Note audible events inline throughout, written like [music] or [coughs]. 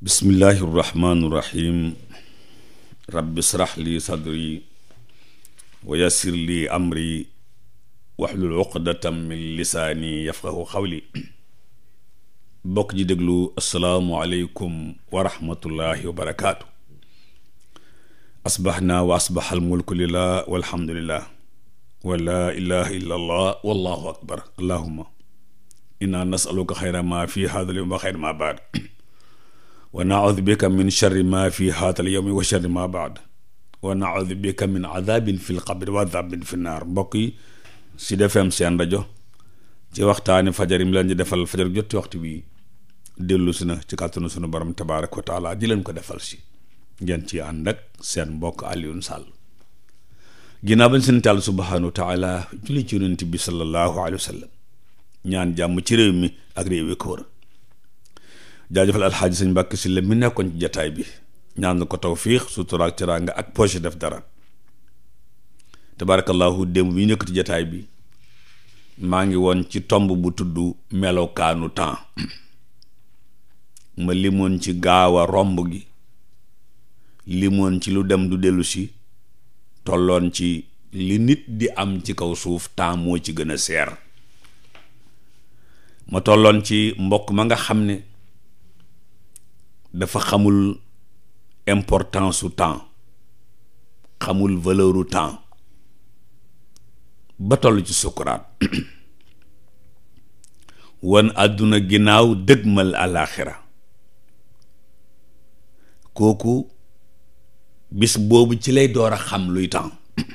bismillahi irrahmani irrahim rabbi srah li sadri wa yassir li amri waxlul uqdatam min lisaani yafqahu xawli bokk ji déglu asalaamualeykum wa rahmatullahi wa barakaatu asbaxnaa wa asbax almulku lillah walhamdulillah wa laa ilaha illa allah wallahu akbar allahuma inna nasaluka xayra ma fi hada l yowm wa xayra ma baad wa naudu bika min charri ma fi haatal yowmi wa charri ma baad wa naudu bika min adabin fi lqabri wa adabin fi naar mbokk yi Sud FM seen rajo ci waxtaani fajar yi mu leen di defal fajar jotti waxtu bi dellu si na ci kàttanu sunu borom tabaaraka wa taala di leen ko defal si ngeen ci ànd ak seen mbokk Alioune Sall ginnaaw bañ seen tàll subhaanahu wa taala julli ci yonent bi sallallahu alayhi wa sallam ñaan jàmm ci réew mi ak réew yi ko wër jaajëfal alxaaji sëñ Mbàkke si la mu nekkoon ci jataay bi ñaan ko tawfiix sutura ak teraanga ak poche def dara tabaarakallaahu démb bi ñu nekk ci jataay bi maa ngi woon ci tomb bu tudd melokaanu temps ma limoon ci gaaw a romb gi limoon ci lu dem du dellusi tolloon ci li nit di am ci kaw suuf temps moo ci gën a seer ma tolloon ci mbokk ma nga xam ne dafa xamul importance su temps xamul valeur u temps ba toll ci sukuraat [clears throat] wan àdduna ginnaaw dëgmal alaaxira kooku bis boobu ci lay door a xam luy temps [clears throat]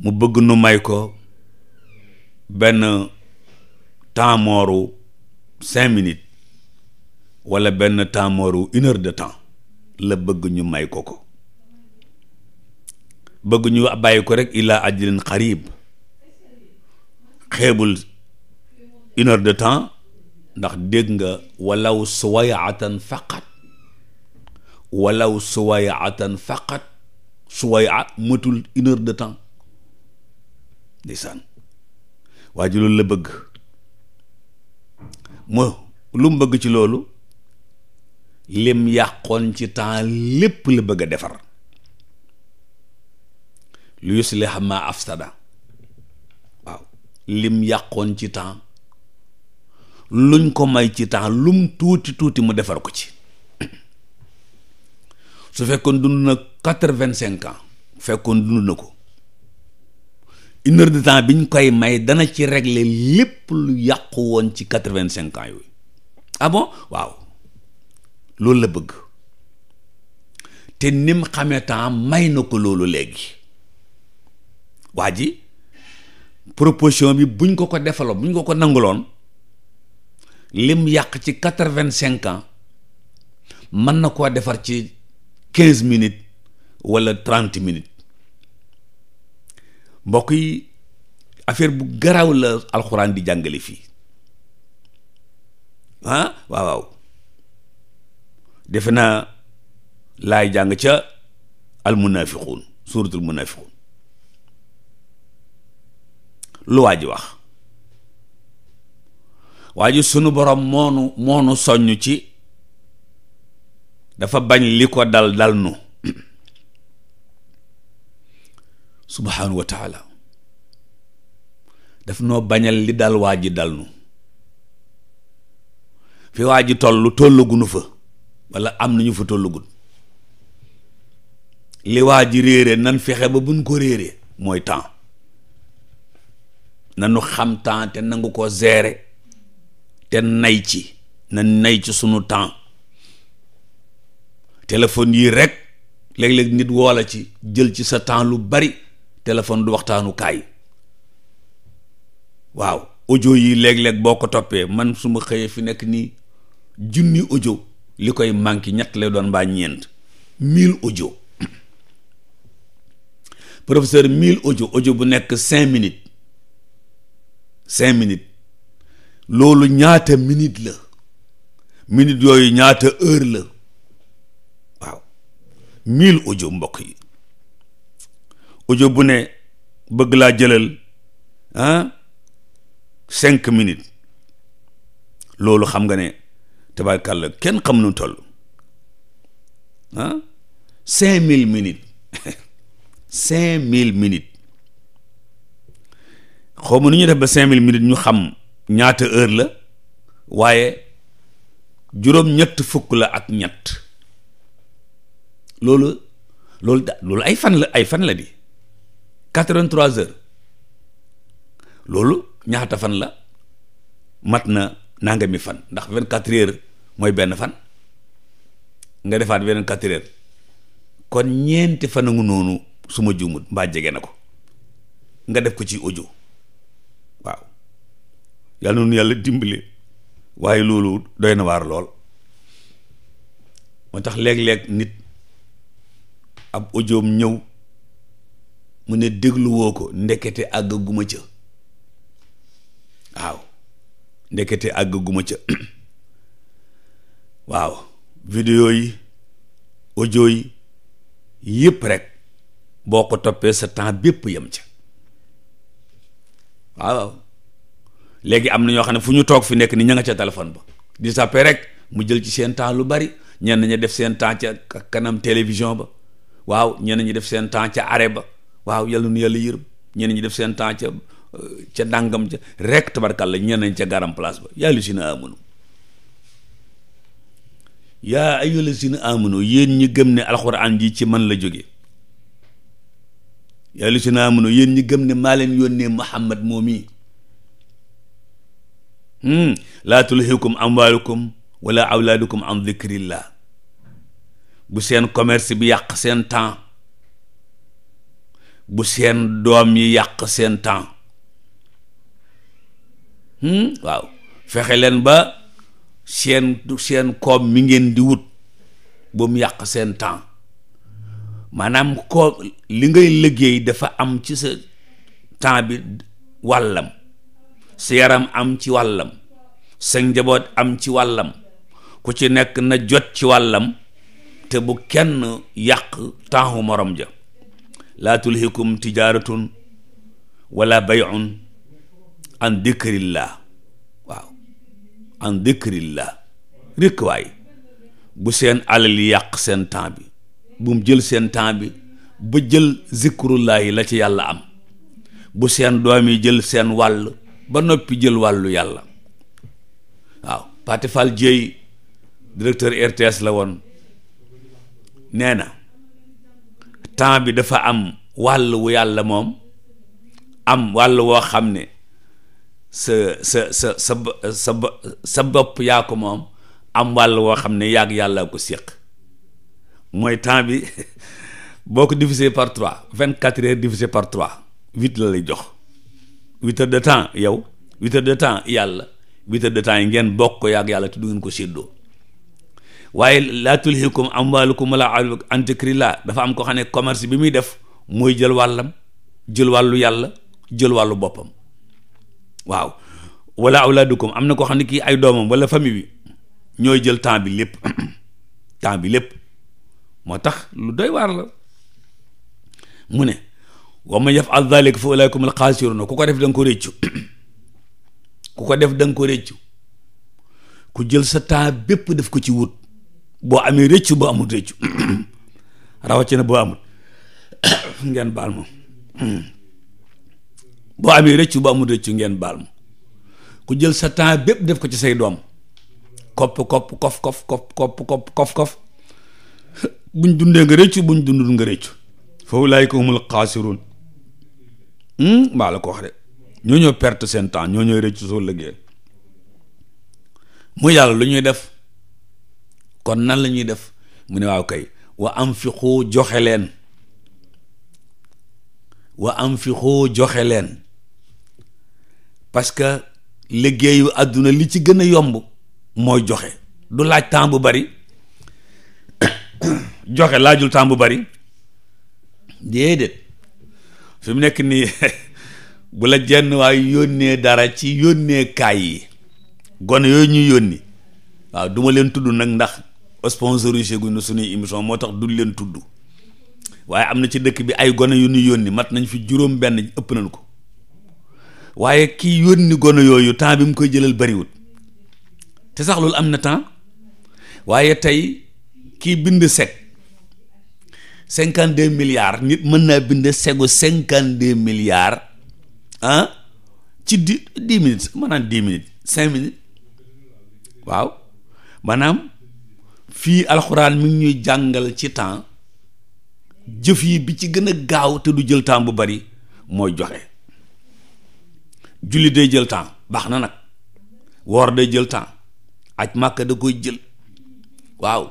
mu bëgg nu may ko benn temps mooru cinq minutes wala benn taamooru mooru de temps la bëgg ñu may ko ko bëgg ñu bàyyi ko rek ila ajalin xarib xeebul une de temps ndax dégg nga walaw suwayaatan faqat walaw suwayaatan faqat suwaya matul mëtul heure de temps ndeysaan waa ji la bëgg moo lu mu bëgg ci loolu lim yàqoon ci temps lépp la bëgg a defar lu yuslih ma afsada waaw lim yàqoon ci temps luñ ko may ci temps lum tuuti tuuti mu defar ko ci [clears throat] su fekkoon dund na quatre-vingt-cinq ans fekkoon dund na ko une de temps biñ koy may dana ci régler lépp lu yàqu woon ci quatre-vingt-cinq ans yooyu ah waaw loolu la bëgg te nim xamee temps may na ko loolu léegi waa ji proposition bi buñ ko ko defaloon buñ ko ko nanguloon lim yàq ci quatre-vingt-cinq ans mën na koo defar ci quinze minutes wala trente minutes mbokk yi affaire bu garaw la alxuraan di jàngale fii ah waaw defe naa laay jàng ca almunafiquun suuratul munafiquun lu waa ji wax waa ji sunu borom moonu moonu soññ ci dafa bañ li ko dal dal nu [clears throat] subhaanahu wa taala noo bañal li dal waa ji dal nu fi waa ji toll tollagunu fa wala am nañu fa tollugul li waa ji réere nan fexe ba buñ ko réeree mooy temps nanu xam temps te nangu ko gérer te nay ci na nay ci sunu temps téléphone yii rek léeg-léeg nit woola ci jël ci sa temps lu bari téléphone du waxtaanu kaay waaw ojo yi léeg-léeg boo ko toppee man suma xëyee fi nekk nii junni ojo li koy manqué ñett lay doon mbaa ñeent mille audio professeur mille ojo ojo bu nekk cinq minutes cinq minutes loolu ñaata minute la minute yooyu ñaata heure la waaw mille ojo mbokk yi ojo bu ne bëgg laa jëlal ah cinq minutes loolu xam nga ne tabarkàlla kenn xam nu toll ah cinq mille minutes [laughs] cinq mille minutes xaw ma nu def ba cinq mille minutes ñu xam ñaata heure la waaye juróom-ñett fukk la ak ñett loolu loolu da loolu ay fan la ay fan la di quatre-vingt-trois heures loolu ñaata fan la mat na nangami fan ndax vingt-quatre heures mooy benn fan nga defaat weneen quatre kon ñeenti fan ngu noonu suma ma mbaa jege na ko nga def ko ci audio waaw yàlla noonu yàlla dimbali waaye loolu doy na waar lool moo tax léeg-léeg nit ab audioom ñëw mu ne dégluwoo ko ndekete àgg guma ca waaw ndekete àgg guma ca [clears throat] waaw vidéo yi audio yi yëpp rek boo ko toppee sa temps bépp yem ca waaw léegi am na ñoo xam ne fu ñu toog fi nekk nii ña nga ca téléphone ba di sappe rek mu jël ci seen temps lu bari ñenn ña def seen temps ca kanam télévision ba waaw ñenn ñi def seen temps ca arrêt ba waaw yàlla nu yàlla yërëm ñenn ñi def seen temps ca euh, ca dàngam ca rek la ñenn ñi ca garam place ba yàlla si na amunu yaa ayyuha lazina amanu yéen ñi gëm ne alxuraan ji ci man la jóge yaa lazina amanu yéen ñi gëm ne maa leen yónnee muhammad moomii hmm. laa tulhikum amwaalukum wala awlaadukum an dikrillah bu seen commerce bi yàq seen temps bu seen doom yi yàq seen temps hmm. waaw fexe leen ba seen seen koom mi ngeen di wut bu mu yàq seen temps maanaam ko li ngay liggéey dafa am ci sa temps bi wàllam sa yaram am ci wàllam sa njaboot am ci wàllam ku ci nekk na jot ci wàllam te bu kenn yàq temps morom ja laa tulhikum tijaaratun wala bayun an dikrillah an dikrillah rikk waay bu seen alal yàq seen temps bi bu mu jël seen temps bi ba jël zikrullahi la ci yàlla am bu seen doom yi jël seen wàll ba noppi jël wàllu yàlla waaw Pate Fall Dieye directeur RTS la woon nee na temps bi dafa am wàll wu yàlla moom am wàll woo xam ne sa sa sa sa sa sa bopp yaa ko moom am wàll woo xam ne yàgg yàllaa ko séq mooy temps bi [laughs] boo ko divisé par trois vingt quatre heures divisé par trois huit la lay jox huit heures de temps yow huit heures de temps yàlla huit heures de temps yi ngeen bokk ko yàgg yàlla te du ko séddoo waaye laa tulhikum amwaalukum wala an zikrillah dafa am ko xam ne commerce bi muy def mooy jël wàllam jël wàllu yàlla jël wàllu boppam waaw wala awlaadukum am na ko xam ne kii ay doomam wala famille bi ñooy jël temps bi lépp [clears throat] temps bi lépp moo tax lu doy waar la mu ne wa man yafal dalik fa ulaikum alxaasiruna ku ko def da nga ko réccu [clears throat] ku ko def da nga ko réccu ku jël sa temps bépp def ko ci wut boo amee réccu boo amut réccu [clears throat] rawatina boo amut ngeen baal ma boo amee rëccu bu amul rëccu ngeen baal ma ku jël sa temps bépp def ko ci say doom kopp kopp kof kof kof kopp kopp kof kof buñ dundee nga rëccu buñ dundul nga rëccu fa ulaayika humul xaasiruun maa hmm? la ko wax de ñoo ñoo perte seen temps ñoo ñooy rëccu soo lëggee mu yàlla lu ñuy def kon nan la ñuy def mu ne waaw kay wa anfiqu joxe leen wa anfiqu joxe leen parce que liggéeyu àdduna li ci gën a yomb moo joxe du laaj temps bu bari [coughs] joxe laajul temps bu bari déedéet fi mu nekk nii [laughs] bu la jenn waaye yónnee dara ci yónnee kaay yi gone yooyu ñu yónni waaw duma leen tudd nag ndax sponsorisé gu na suñuy émission moo tax du leen tudd waaye am na ci dëkk bi ay gone yu ñu yónni mat nañ fi juróom benn ëpp nañ ko waaye kii yónni gono yooyu temps bi mu koy jëlal bariwut te sax loolu am na temps waaye tey kii bind sec cinquante deux milliards nit mën naa bind segu cinquante deux milliards ah ci di dix minutes maanaam cinq minutes waaw maanaam fii alxuraan mi ngi ñuy jàngal ci temps jëf yi bi ci gën a gaaw te du jël temps bu bari mooy joxe julli day jël temps baax na nag woor day jël temps aj màkka da koy jël waaw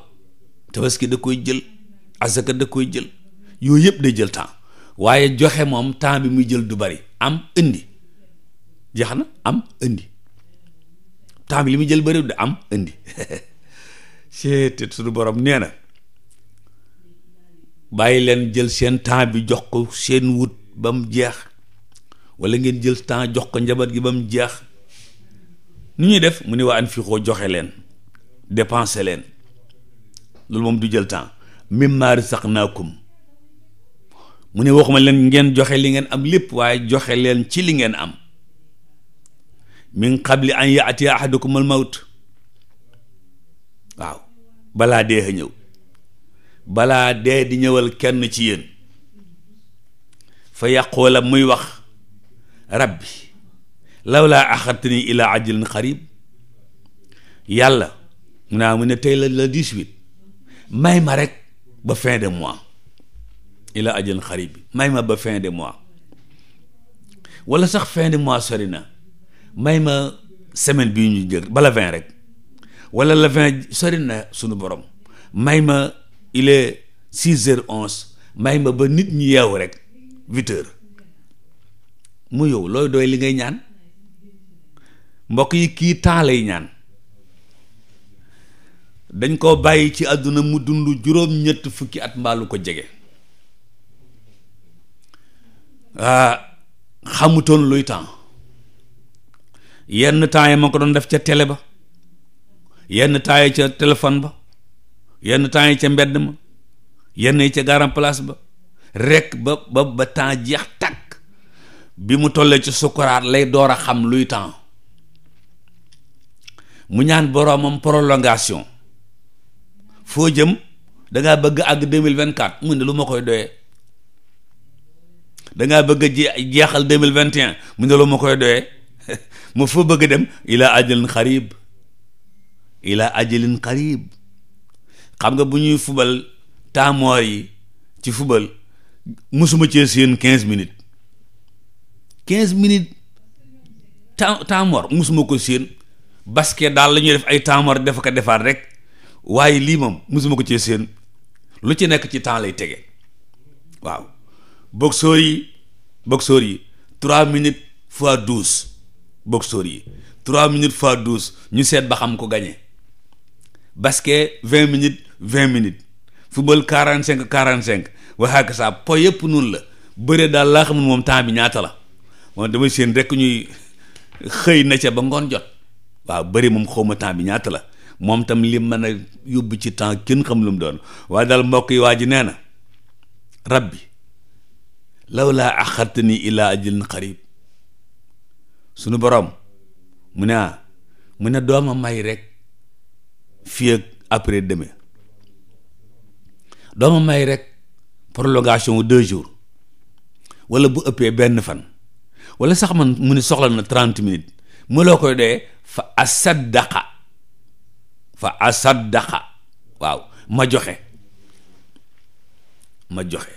tabaski da koy jël asaka da koy jël yooyu yëpp day jël temps waaye joxe moom temps bi muy jël du bari am indi jeex na am indi temps bi li mu jël bariwul de am indi [laughs] seetet suñu borom nee na bàyyi leen jël seen temps bi jox ko seen wut ba mu jeex wala ngeen jël temps jox ko njaboot gi ba mu jeex nu ñuy def mu ne waa anfiqoo joxe leen dépenser leen loolu moom du jël temps mimmaa razaqnaakum mu ne waxuma leen ngeen joxe li ngeen am lépp waaye joxe leen ci li ngeen am min qabli an yaatiya ahadakum al mawt waaw balaa dee a ñëw balaa dee di ñëwal kenn ci yéen fa yàqoola muy wax rabbi law laa axartani ilaa ajalin xarib yàlla mu naa mu ne tey la la dix-huit may ma rek ba fin de mois ilaa ajalin xarib bi may ma ba fin de mois wala sax fin de mois sori na may ma semaine bi ñu jël bala vin rek wala la vingt sori na sunu borom may ma il est six heures onze may ma ba nit ñi yeewu rek huit mu yow looy doy li ngay ñaan mbokk yi kii temps lay ñaan dañ ko bàyyi ci àdduna mu dund juróom-ñett fukki at mbaalu ko jege xamutoon luy temps yenn temps yi ma ko doon def ca télé ba yenn temps yi ca téléphone ba yenn temps yi ca mbedd ma yenn yi ca garan place ba rekk ba ba ba temps jeex tàkk bi mu tollee ci sukkuraat lay door a xam luy temps mu ñaan boroomam prolongation foo jëm dangaa bëgg àgg deux mille vingt quatre mu ne lu ma koy doyee dangaa bëgg a jeexal deux mille vingt et un mu ne lu ma koy doyee [laughs] mu foo bëgg dem ilaa ajalin xarib ilaa ajalin xarib xam nga bu ñuy fubal taamoor yi ci fubal musuma cee seen quinze minutes quinze minutes temps temps musuma ko séen basket daal lañuy def ay temps mort def ko defaat rek waaye lii moom musuma ko cee séen lu ci nekk ci temps lay tege waaw boxeur yi boxeur yi trois minutes fois douze boxeur yi trois minutes fois douze ñu seet ba xam ko gañe basket vingt minutes vingt minutes football quarante cinq quarante cinq waxaaka saa po yëpp noonu la bëre daal laa xam ne moom temps bi ñaata la moom damay seen rekk ñuy xëy na ca ba ngoon jot waaw bëri moom xawma temps bi ñaata la moom tam li mën a yóbbu ci temps kenn xam lu mu doon waaye daal mbokk yi waa ji nee na rabbi law laa axartani ila ajalin xarib sunu boroom mu ne ah mu ne dooma may rek fii ak après demain dooma may rek prolongation wu deux jours wala bu ëppee benn fan wala sax man mu ni soxla na trente minutes mu loo koy doyee fa asaddaqa fa asaddaqa waaw ma joxe ma joxe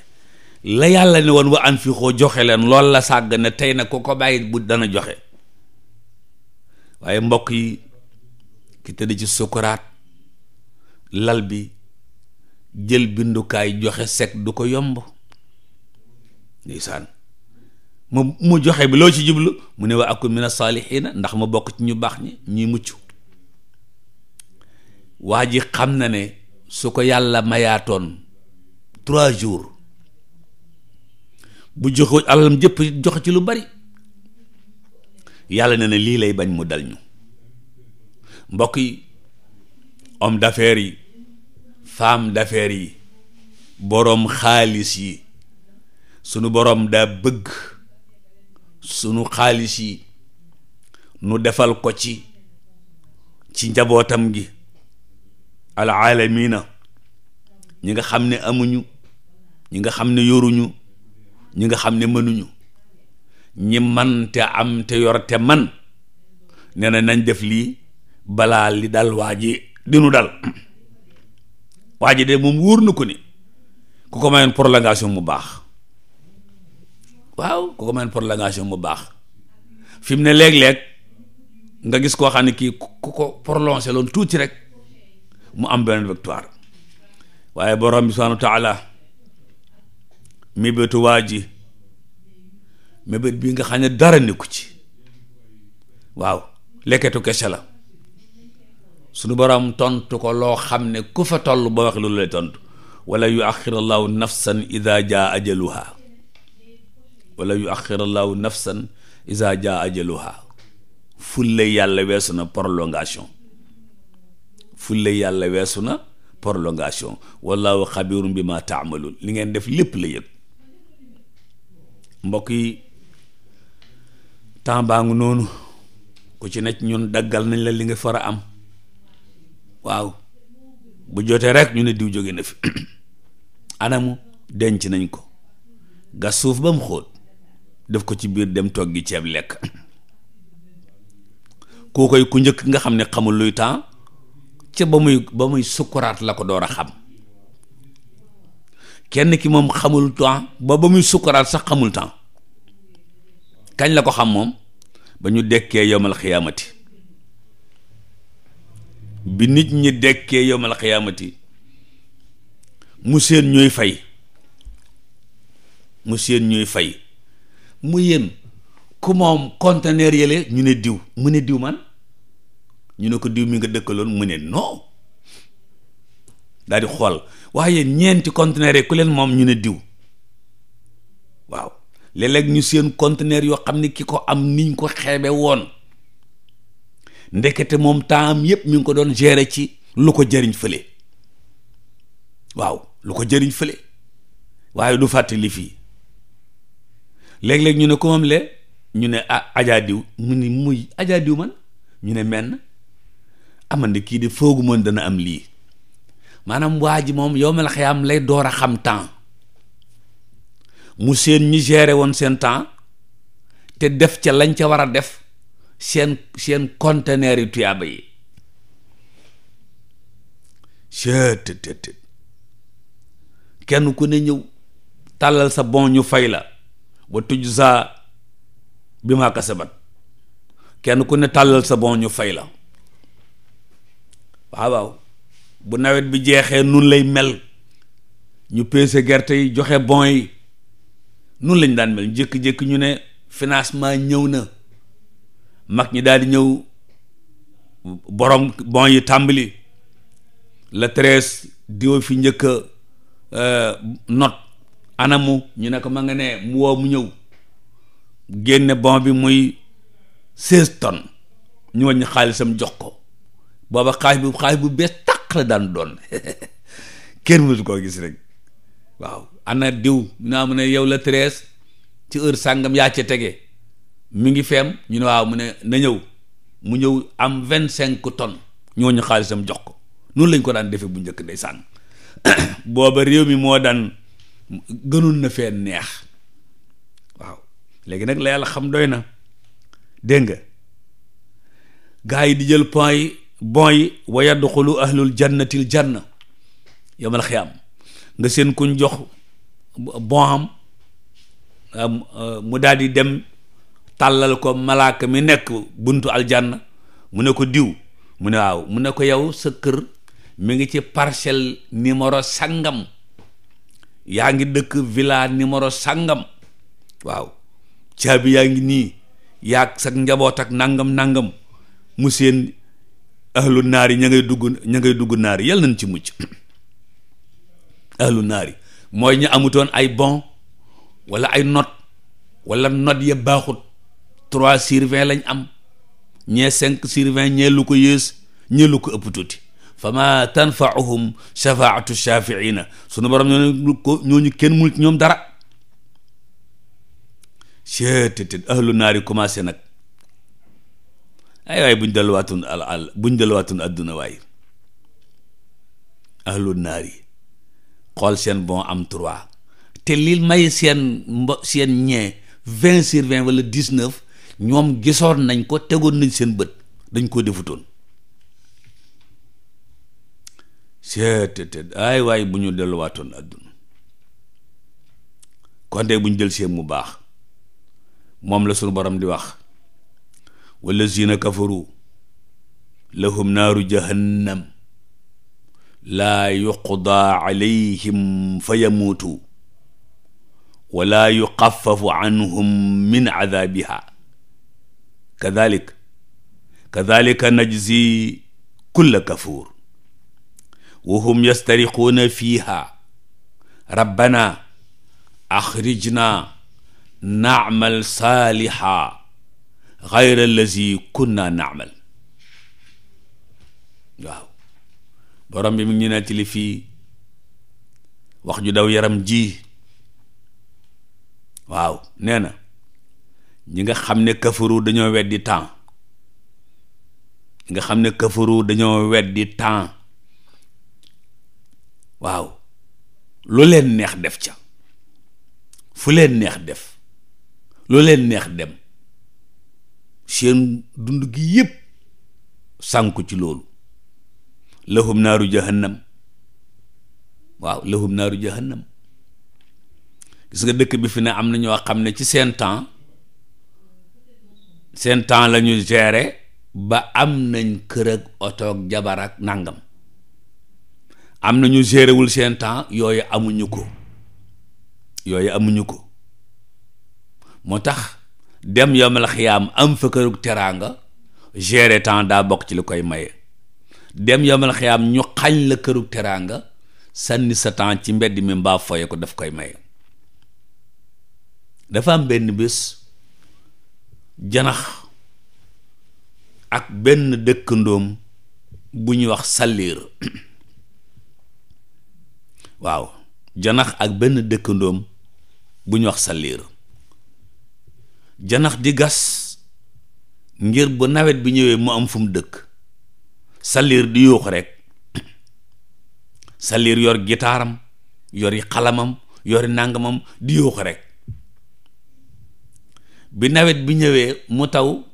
la yàlla ne woon wa anfiqoo joxe leen lool la sàgg ne tey nag koo ko bàyyi bu dana joxe waaye mbokk yi ki tëdd ci sukuraat lal bi jël bindukaay joxe set du ko yomb ndeysaan mu mu joxe bi loo ci jublu mu ne wa akun mina saalihiina ndax mu bokk ci ñu baax ñi ñuy mucc waa ji xam na ne su ko yàlla mayaatoon trois jours bu joxe alalam jëpp joxe ci lu bari yàlla ne na lii lay bañ mu dal ñu mbokk yi homme yi femme d'affaires yi boroom xaalis yi sunu boroom daa bëgg sunu xaalis yi nu defal ko ci ci njabootam gi alaalamina ñi nga xam ne amuñu ñi nga xam ne yoruñu ñi nga xam ne mënuñu ñi man te am te yor te man nee nañ def lii balaa li dal waa ji dinu dal [clears throat] waa ji de moom wuur na ko ni ku ko ma mayoon prolongation mu baax waaw ku ko mën prolongation mu baax fi mu ne léeg-léeg nga gis koo xam ne kii ku ko prolongé loon tuuti rek mu am benn victoire waaye borom bi subhaanahu taala mébétu waa ji mébét bi nga xam ne dara nekku ci waaw lekketu kese la suñu borom tontu ko loo xam ne ku fa toll ba wax loolu lay tontu wala yuaxiru allahu nafsan ida jaa ajaluha wala yu axirallahu nafsan isa jaa ajaluha fulle yàlla weesu na prolongation fulle yàlla weesu na prolongation wallahu xabirum bi ma taamaluun li ngeen def lépp la yëg mbokk yi temps baa ngi noonu ku ci nekk ñun daggal nañ la li nga far a am waaw bu jotee rek ñu ne diw jóge na fi [clears throat] anamu denc nañ ko gas suuf ba mu xóot def ko ci biir dem gi ceeb lekk koo koy ku njëkk nga xam ne xamul luy temps ca ba muy ba muy sukkuraat la ko door a xam kenn ki moom xamul temps ba ba muy sukkuraat sax xamul temps kañ la ko xam moom ba ñu dekkee yowmal xiyaamati bi nit ñi dekkee yowmal xiyaamati mu seen ñuy fay mu seen ñuy fay mu yéen ku moom conteneur yële ñu ne diw mu ne diw man ñu ne ko diw mi nga dëkkaloon mu ne non daal di xool waaye ñeenti conteneur yi ku leen moom ñu ne diw waaw léeg ñu seen conteneur yoo xam ne ki ko am niñ ko xeebe woon ndekete moom temps yépp mi ngi ko doon gérer ci lu ko jëriñ fële waaw lu ko jëriñ fële waaye du fàttali fii léeg-léeg ñu ne ko moom le ñu ne ah ajaa mu ni muy ajaa man ñu ne menn amandi ah, kii de foogu moon dana am lii maanaam waa ji moom yow mel xayaam lay door a xam temps mu seen ñi géré woon seen temps te def ca lañ ca war a def seen seen konteneer yu tuyaaba yi cetëtëtët kenn ku ne ñëw tàllal sa bon ñu fay la ba wa tujza bi maa kasabat kenn ku ne tàllal sa bon ñu fay la waaw bu nawet bi jeexee nun lay mel ñu peese gerte yi joxe bon yi nun lañ daan mel jékki-jékki ñu ne financement ñëw na mag ñi daal di ñëw borom bon yi tàmbali la treize diwa fi njëkka euh, not anamu ñu ne ko ma nga ne mu woo mu ñëw génne bon bi muy seize tonnes ñu wàññi xaalisam jox ko booba xaalis bu xaalis bu bees tàq la daan doon [laughs] kenn mësu koo gis rek waaw ana diw naa mu ne yow la treize ci heure sàngam yaa ca tege mi ngi feem ñu ne waaw mu ne na ñëw mu ñëw am vingt cinq tonnes ñooñu xaalisam jox ko noonu lañ ko daan defe bu njëkk ndeysaan [coughs] booba réew mi moo daan gënul na fee neex waaw léegi nag la yàlla doy na dégg nga gaa yi di jël point yi bon yi wa yadxulu ahlul jannatil janna yomal xiyaam nga seen kuñ jox bon am euh, mu daal dem tàllal ko malaaka mi nekk buntu aljanna mu ne ko diw mu ne waaw mu ne ko yow sa kër mu ngi ci parcelle numéro sangam yaa ngi dëkk villa numéro sàngam waaw caabi yaa ngi nii yaag sa njaboot ak nangam nangam mu seen ahlu naari ña dugg ña ngay dugg naari yal nañ ci mucc ahlu naari mooy ñu amutoon ay bon wala ay not wala not ya baaxut trois sur lañ am ñee cinq sur vingt ñee lu ko yées ñee lu ko ëpp tuuti fa ma tanfauhum shafaatu shafiina sunu borom ñooñu ko ñooñu kenn mënul ñoom dara seetetet ahlu naar yi commencé nag ay waay buñ delluwaatun al al buñ delluwaatun adduna waay ahlu naar yi xool seen bon am trois te li may seen mbo seen ñee vingt sur vingt wala dix neuf ñoom gisoon nañ ko tegoon nañ seen bët dañ koo defutoon seetetet ay waaye bu ñu delluwaatoon àdduna kon de bu ñu jël seen mu baax moom la sunu borom di wax wallazina kafaru lahum naaru jahannam laa yuqdaa alayhim fa yamuutu wala yuxafafu anhum min adaabiha kadalik kadalika najzi kulla kafuur wahum yastariquuna fiiha rabbana axrijna naamal saaliha xayra allazi kunna naamal waaw borom bi mu ngi ñu nettali fii wax ju daw yaram ji waaw nee na ñi nga xam ne kafaru dañoo weddi temps ñi nga xam ne kafaru dañoo weddi temps waaw lu neex def ca fu leen neex def lu leen neex dem seen dund gi yëpp sànku ci loolu lahum naaru jahannam waaw lahum naaru jahannam gis nga dëkk bi fi ne am na ñoo xam ne ci seen temps seen temps lañuy ñu ba am nañ kër ak oto ak jabar ak nàngam am na ñu géréwul seen temps yooyu amuñu ko yooyu amuñu ko moo tax dem yomal xiyaam am fa kërug teraanga gérer temps daa bokk ci la koy maye dem yomal xiyaam ñu xañ la kërug teraanga sànni sa temps ci mbedd mi mbaa foye ko daf koy maye dafa am benn bés janax ak benn dëkkandoom bu ñuy wax salliir [clears throat] waaw janax ak benn dëkkandoom bu ñu wax salliir janax di gas ngir bu nawet bi ñëwee mu am fu mu dëkk salliir di yuux rek salliir yor gitaaram yori xalamam yori nàngamam di yuux rek bi nawet bi ñëwee mu taw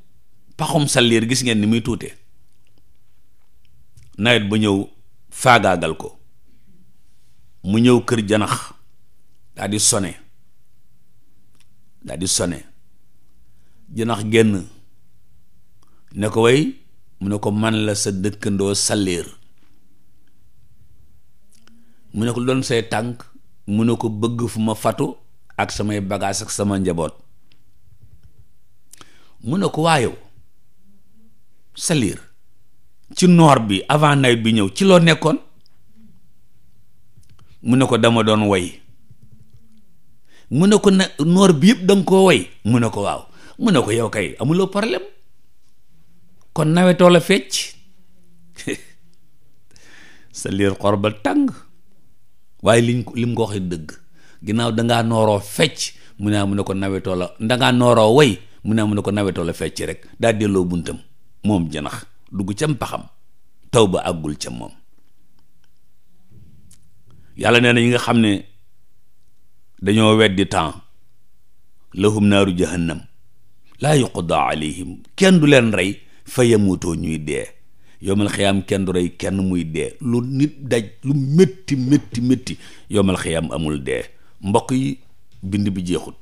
paxum salliir gis ngeen ni muy tuute nawet ba ñëw faagaagal ko mu ñëw kër janax daal di sone daal di sone janax génn ne ko way mu ne ko man la sa dëkkandoo salliir mu ne ko doon say tànk mu ne ko bëgg fu ma fatu ak samay bagaas ak sama njaboot mu ne ko waayow salleer ci noor bi avant nawet bi ñëw ci loo nekkoon mu ne ko dama doon woy mu ne ko na bi yëpp da koo woy mu ne ko waaw mu ne ko yow kay amuloo problème kon nawetoo la fecc [laughs] sa liir xor ba tàng waaye liñ lim ko waxee dëgg ginnaaw dangaa nooroo fecc mu ne ah, mu ne ko nawetoo la dangaa nooroo woy mu ne ah, mu ne ko nawetoo la fecc rek daa delloo buntam moom janax dugg cam paxam taw ba àggul ca moom yàlla nee na ñi nga xam ne dañoo weddi temps lahum naaru jahannam laa yuqda alayhim kenn du leen rey fa yamutoo ñuy dee yowmal xiyaam kenn du rey kenn muy dee lu nit daj lu métti métti métti yowmal xiyaam amul dee mbokk yi bind bi jeexut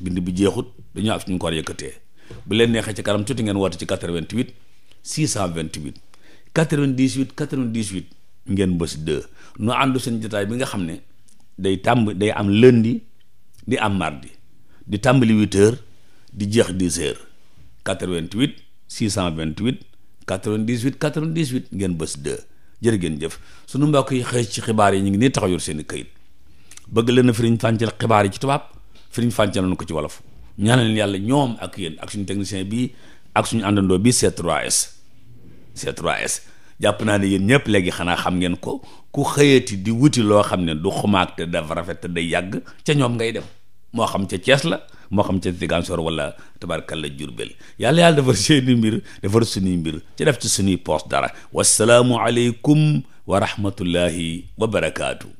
bind bi jeexut dañoo am suñu ko war yëkkatee bu leen neexee ci kanam tuuti ngeen woote ci 88 628 98 98 ngeen bës deux nu àndu seen jotaay bi nga xam ne day tàmb day am lundi di am mardi di tàmbali huit di jeex dix heures quatre-vingt-huit six cent vingt-huit dix ngeen bës deux jërë ngeen jëf sunu mbokk yi xëy ci xibaar yi ñu ngi nii taxaw yor seen i këyit bëgg leen a firiñ fàncal xibaar yi ci tubaab firiñ fàncal nu ko ci wolof ñaanal leen yàlla ñoom ak yéen ak suñu technicien bii ak suñu àndandoo bi C3S c jàpp naa ne yéen ñëpp léegi xanaa xam ngeen ko ku xëyati di wuti loo xam ne du xumaag te dafa rafet te day yàgg ca ñoom ngay dem moo xam ca Cees la moo xam ca Ziguinchor wala tabarkalla Jurbel yàlla yàlla defar seeni mbir defar suñuy mbir ci def ci sunuy poos dara wasalaamu aleykum wa rahmatullahi wa barakaatu.